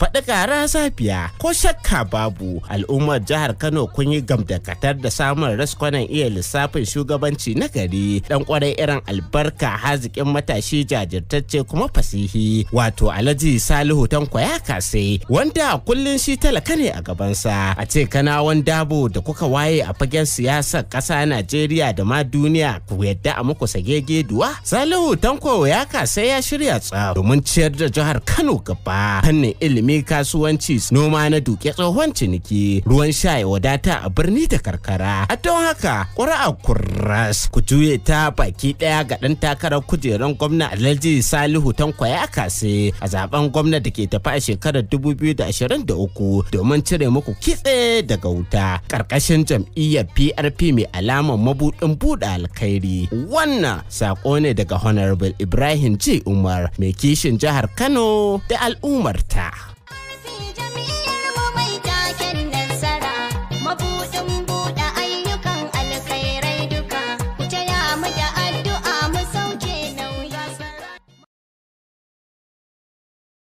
faɗi ƙara safiya ko shakka babu al'ummar jihar kano kun yi gamdakatar da samun raskwanan iya lissafin shugabanci na gari dan kwarai irin albarka haziƙin matashi jajirtacce kuma fasihi wato alhaji salihu tanko ya kase wanda kullum shi talaka ne a gabansa a ce kanawan dabo da kuka waye a fagen siyasar ƙasa najeriya da ma duniya ku yadda a muku sagege duwa salihu tanko ya kase ya shirya tsaro domin ciyar da jihar kano gaba fannin ilimi sami kasuwanci noma na duke tsohon ciniki ruwan sha ya wadata a birni da karkara a don haka a kuras. ku juye ta baki ɗaya ga ɗan takarar kujeran gwamna alhaji salihu ya kase a zaben gwamna da ke tafi a shekarar 2023 domin cire muku kitse daga wuta ƙarƙashin jam'iyyar prp mai alamar mabuɗin buɗe alkhairi wannan sako ne daga honorable ibrahim g umar mai kishin jihar kano da al'ummarta.